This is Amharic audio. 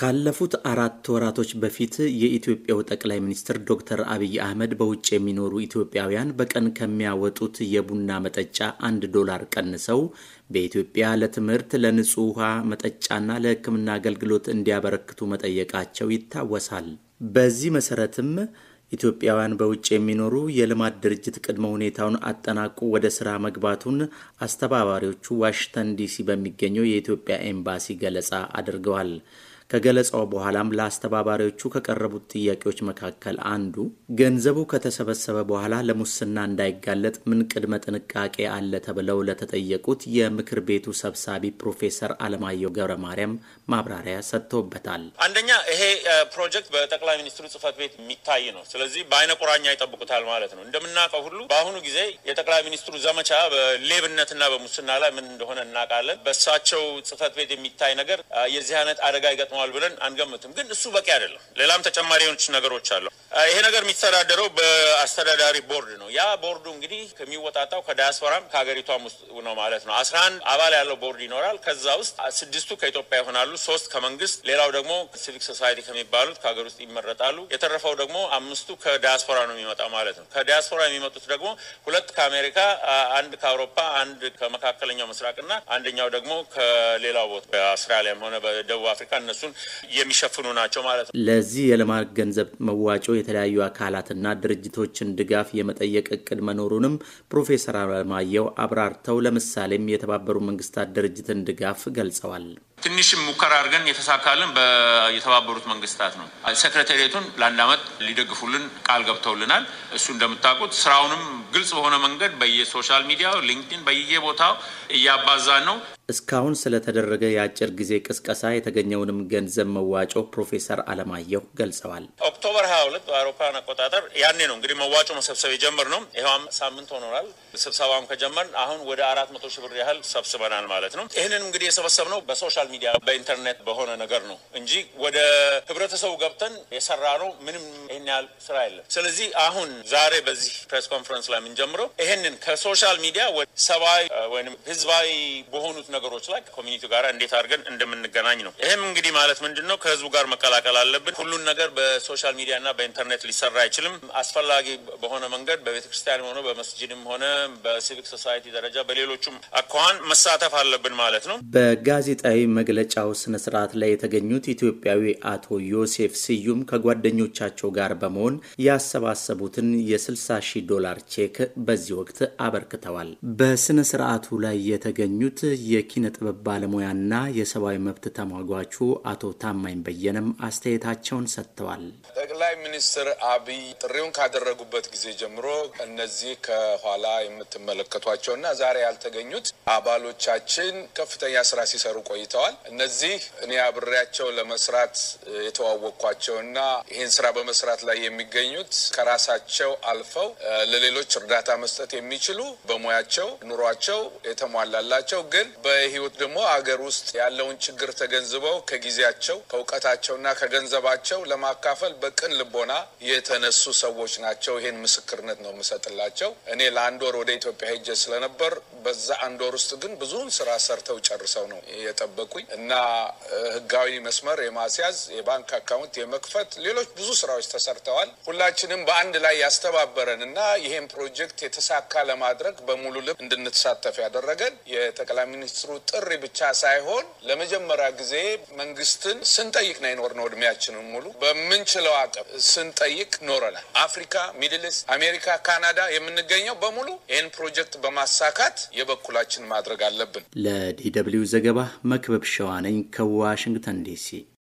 ካለፉት አራት ወራቶች በፊት የኢትዮጵያው ጠቅላይ ሚኒስትር ዶክተር አብይ አህመድ በውጭ የሚኖሩ ኢትዮጵያውያን በቀን ከሚያወጡት የቡና መጠጫ አንድ ዶላር ቀንሰው በኢትዮጵያ ለትምህርት፣ ለንጹህ ውሃ መጠጫና ለሕክምና አገልግሎት እንዲያበረክቱ መጠየቃቸው ይታወሳል። በዚህ መሰረትም ኢትዮጵያውያን በውጭ የሚኖሩ የልማት ድርጅት ቅድመ ሁኔታውን አጠናቁ ወደ ስራ መግባቱን አስተባባሪዎቹ ዋሽንግተን ዲሲ በሚገኘው የኢትዮጵያ ኤምባሲ ገለጻ አድርገዋል። ከገለጻው በኋላም ለአስተባባሪዎቹ ከቀረቡት ጥያቄዎች መካከል አንዱ ገንዘቡ ከተሰበሰበ በኋላ ለሙስና እንዳይጋለጥ ምን ቅድመ ጥንቃቄ አለ ተብለው ለተጠየቁት የምክር ቤቱ ሰብሳቢ ፕሮፌሰር አለማየሁ ገብረ ማርያም ማብራሪያ ሰጥተውበታል። አንደኛ ይሄ ፕሮጀክት በጠቅላይ ሚኒስትሩ ጽህፈት ቤት የሚታይ ነው። ስለዚህ በአይነ ቁራኛ ይጠብቁታል ማለት ነው። እንደምናውቀው ሁሉ በአሁኑ ጊዜ የጠቅላይ ሚኒስትሩ ዘመቻ በሌብነትና በሙስና ላይ ምን እንደሆነ እናውቃለን። በእሳቸው ጽህፈት ቤት የሚታይ ነገር የዚህ አይነት አደጋ ይገጥማል ይጠቅመዋል ብለን አንገምትም። ግን እሱ በቂ አይደለም። ሌላም ተጨማሪ የሆነች ነገሮች አለው። ይሄ ነገር የሚተዳደረው በአስተዳዳሪ ቦርድ ነው። ያ ቦርዱ እንግዲህ ከሚወጣጣው ከዳያስፖራም ከሀገሪቷም ውስጥ ነው ማለት ነው። አስራ አንድ አባል ያለው ቦርድ ይኖራል። ከዛ ውስጥ ስድስቱ ከኢትዮጵያ ይሆናሉ፣ ሶስት ከመንግስት፣ ሌላው ደግሞ ሲቪክ ሶሳይቲ ከሚባሉት ከሀገር ውስጥ ይመረጣሉ። የተረፈው ደግሞ አምስቱ ከዳያስፖራ ነው የሚመጣው ማለት ነው። ከዳያስፖራ የሚመጡት ደግሞ ሁለት ከአሜሪካ፣ አንድ ከአውሮፓ፣ አንድ ከመካከለኛው ምስራቅና አንደኛው ደግሞ ከሌላው ቦታ በአውስትራሊያም ሆነ በደቡብ አፍሪካ እነሱን የሚሸፍኑ ናቸው ማለት ነው። ለዚህ የልማት ገንዘብ መዋጮ የተለያዩ አካላትና ድርጅቶችን ድጋፍ የመጠየቅ እቅድ መኖሩንም ፕሮፌሰር አለማየሁ አብራርተው ለምሳሌም የተባበሩ መንግስታት ድርጅትን ድጋፍ ገልጸዋል። ትንሽም ሙከራ አድርገን የተሳካልን የተባበሩት መንግስታት ነው። ሴክሬታሪቱን ለአንድ ዓመት ሊደግፉልን ቃል ገብተውልናል። እሱ እንደምታውቁት ስራውንም ግልጽ በሆነ መንገድ በየሶሻል ሚዲያው ሊንክድን በየቦታው እያባዛን ነው። እስካሁን ስለተደረገ የአጭር ጊዜ ቅስቀሳ የተገኘውንም ገንዘብ መዋጮ ፕሮፌሰር አለማየሁ ገልጸዋል። ኦክቶበር 22 በአውሮፓን አቆጣጠር ያኔ ነው እንግዲህ መዋጮ መሰብሰብ የጀምር ነው። ይኸውም ሳምንት ሆኖናል። ስብሰባውን ከጀመርን አሁን ወደ አራት መቶ ሺህ ብር ያህል ሰብስበናል ማለት ነው። ይህንን እንግዲህ የሰበሰብ ነው በሶሻል ሚዲያ በኢንተርኔት በሆነ ነገር ነው እንጂ ወደ ህብረተሰቡ ገብተን የሰራ ነው ምንም ይህን ያህል ስራ የለም። ስለዚህ አሁን ዛሬ በዚህ ፕሬስ ኮንፈረንስ ላይ የምንጀምረው ይህንን ከሶሻል ሚዲያ ወደ ሰብአዊ ወይም ህዝባዊ በሆኑት ነገሮች ላይ ከኮሚኒቲ ጋር እንዴት አድርገን እንደምንገናኝ ነው። ይህም እንግዲህ ማለት ምንድን ነው ከህዝቡ ጋር መቀላቀል አለብን። ሁሉን ነገር በሶሻል ሚዲያ እና በኢንተርኔት ሊሰራ አይችልም። አስፈላጊ በሆነ መንገድ በቤተ ክርስቲያንም ሆነ በመስጅድም ሆነ በሲቪክ ሶሳይቲ ደረጃ በሌሎቹም አኳኋን መሳተፍ አለብን ማለት ነው። በጋዜጣዊ መግለጫው ስነስርዓት ላይ የተገኙት ኢትዮጵያዊ አቶ ዮሴፍ ስዩም ከጓደኞቻቸው ጋር በመሆን ያሰባሰቡትን የ60 ሺህ ዶላር ቼክ በዚህ ወቅት አበርክተዋል። በስነ በበዓቱ ላይ የተገኙት የኪነ ጥበብ ባለሙያና የሰብአዊ መብት ተሟጓቹ አቶ ታማኝ በየነም አስተያየታቸውን ሰጥተዋል። ጠቅላይ ሚኒስትር አብይ ጥሪውን ካደረጉበት ጊዜ ጀምሮ እነዚህ ከኋላ የምትመለከቷቸውና ዛሬ ያልተገኙት አባሎቻችን ከፍተኛ ስራ ሲሰሩ ቆይተዋል። እነዚህ እኔ አብሬያቸው ለመስራት እና ይህን ስራ በመስራት ላይ የሚገኙት ከራሳቸው አልፈው ለሌሎች እርዳታ መስጠት የሚችሉ በሙያቸው ኑሯቸው የተሟላላቸው ግን በህይወት ደግሞ አገር ውስጥ ያለውን ችግር ተገንዝበው ከጊዜያቸው ከእውቀታቸውና ከገንዘባቸው ለማካፈል በቅን በቅን ልቦና የተነሱ ሰዎች ናቸው። ይህን ምስክርነት ነው የምሰጥላቸው። እኔ ለአንድ ወር ወደ ኢትዮጵያ ሄጄ ስለነበር በዛ አንድ ወር ውስጥ ግን ብዙውን ስራ ሰርተው ጨርሰው ነው የጠበቁኝ እና ህጋዊ መስመር የማስያዝ የባንክ አካውንት የመክፈት ሌሎች ብዙ ስራዎች ተሰርተዋል። ሁላችንም በአንድ ላይ ያስተባበረን እና ይህን ፕሮጀክት የተሳካ ለማድረግ በሙሉ ልብ እንድንተሳተፍ ያደረገን የጠቅላይ ሚኒስትሩ ጥሪ ብቻ ሳይሆን ለመጀመሪያ ጊዜ መንግስትን ስንጠይቅ ነው የኖርነው እድሜያችንን ሙሉ በምንችለው አቅም ስንጠይቅ ኖረናል። አፍሪካ፣ ሚድልስ፣ አሜሪካ፣ ካናዳ የምንገኘው በሙሉ ይህን ፕሮጀክት በማሳካት የበኩላችን ማድረግ አለብን። ለዲ ደብልዩ ዘገባ መክበብ ሸዋነኝ ከዋሽንግተን ዲሲ